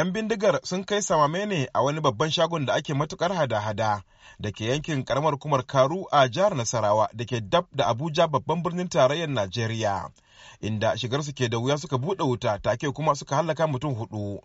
'yan bindigar sun kai samame ne a wani babban shagon da ake matukar hada-hada da ke yankin karamar kumar karu a jihar nasarawa da ke dab da abuja babban birnin tarayyar najeriya inda shigarsu ke da wuya suka buɗe wuta take kuma suka hallaka mutum hudu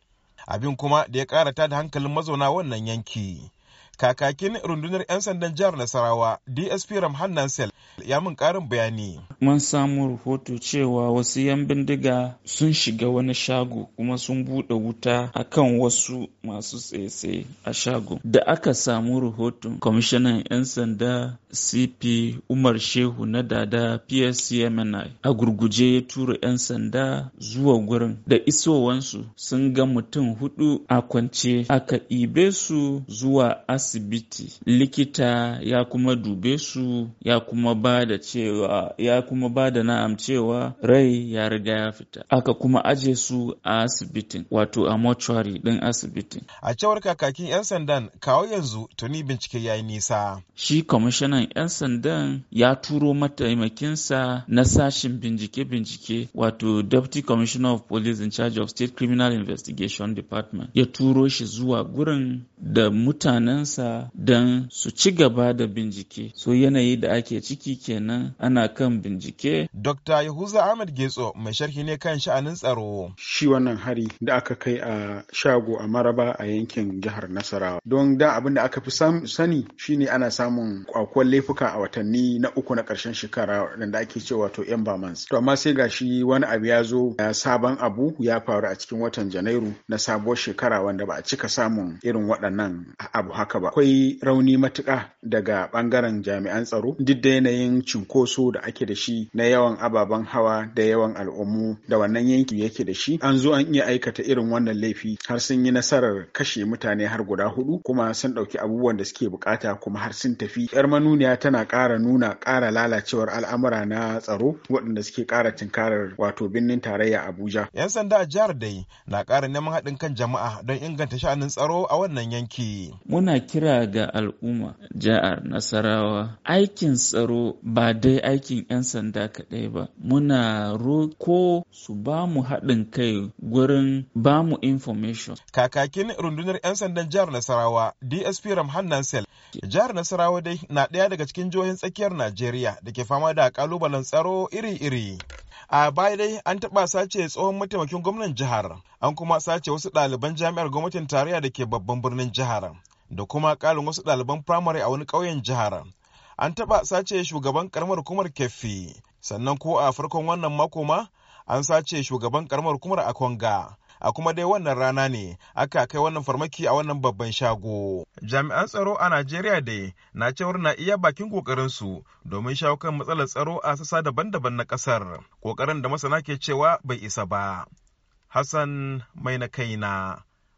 abin kuma da ya karata da hankalin mazauna wannan yanki kakakin rundunar 'yan sandan jihar nasarawa dsp ramhan nansel ya mun karin bayani mun samu rahoto cewa wasu 'yan bindiga sun shiga wani shago kuma sun buɗe wuta a kan wasu masu tsaye a shago da aka samu rahoto, kwamishinan 'yan sanda cp umar shehu na dada pscmni a gurguje ya tura 'yan sanda zuwa gurin da isowansu sun ga mutum hudu a kwance aka ibe su zuwa asibiti likita ya kuma dube su ya kuma ba da cewa ya kuma ba da na'am cewa rai ya riga ya fita aka kuma aje su a asibitin wato a mortuary din asibitin a cewar kakakin 'yan sandan kawo yanzu tuni bincike yayi nisa shi kwamishinan 'yan sandan ya turo mataimakinsa na sashin bincike-bincike wato deputy commissioner of police in charge of state criminal investigation department ya turo shi zuwa gurin da mutanensa majalisa don su ci gaba da bincike so yanayi da ake ciki kenan ana kan bincike dr yahuza ahmad getso mai sharhi ne kan sha'anin tsaro shi wannan hari da aka kai a shago a maraba a yankin jihar nasarawa don da abin da aka fi sani shine ana samun kwakwal laifuka a watanni na uku na karshen shekara da ake cewa wato yan bamans to amma sai gashi wani abu ya zo sabon abu ya faru a cikin watan janairu na sabuwar shekara wanda ba a cika samun irin waɗannan abu haka ba ba akwai rauni matuƙa daga ɓangaren jami'an tsaro duk da yanayin cinkoso da ake da shi na yawan ababen hawa da yawan al'ummu da wannan yankin yake da shi an zo an iya aikata irin wannan laifi har sun yi nasarar kashe mutane har guda hudu kuma sun ɗauki abubuwan da suke bukata kuma har sun tafi yar manuniya tana ƙara nuna ƙara lalacewar al'amura na tsaro waɗanda suke ƙara tinkarar wato birnin tarayya abuja yan sanda a jihar dai na ƙara neman haɗin kan jama'a don inganta sha'anin tsaro a wannan yanki muna kira ga al'umma jihar Nasarawa aikin tsaro ba dai aikin 'yan sanda kaɗai ba muna roko su ba mu haɗin kai gurin ba mu information. Kakakin rundunar 'yan sandan jihar Nasarawa DSP Ramhan Nansel jihar Nasarawa dai na ɗaya daga cikin jihohin tsakiyar Najeriya da ke fama da kalubalen tsaro iri-iri. a baya dai an taɓa sace tsohon mataimakin gwamnan jihar an kuma sace wasu ɗaliban jami'ar gwamnatin tarayya da ke babban birnin jihar da kuma ƙarin wasu ɗaliban firamare a wani ƙauyen jihar an taɓa sace shugaban karamar hukumar keffi sannan ko a farkon wannan mako ma an sace shugaban karamar hukumar a a kuma dai wannan rana ne aka kai wannan farmaki a wannan babban shago. Jami'an tsaro a Najeriya dai na cewar na iya bakin kokarin su domin shawo kan matsalar tsaro a sassa daban-daban na kasar. Kokarin da masana ke cewa bai isa ba. Hassan mai na kaina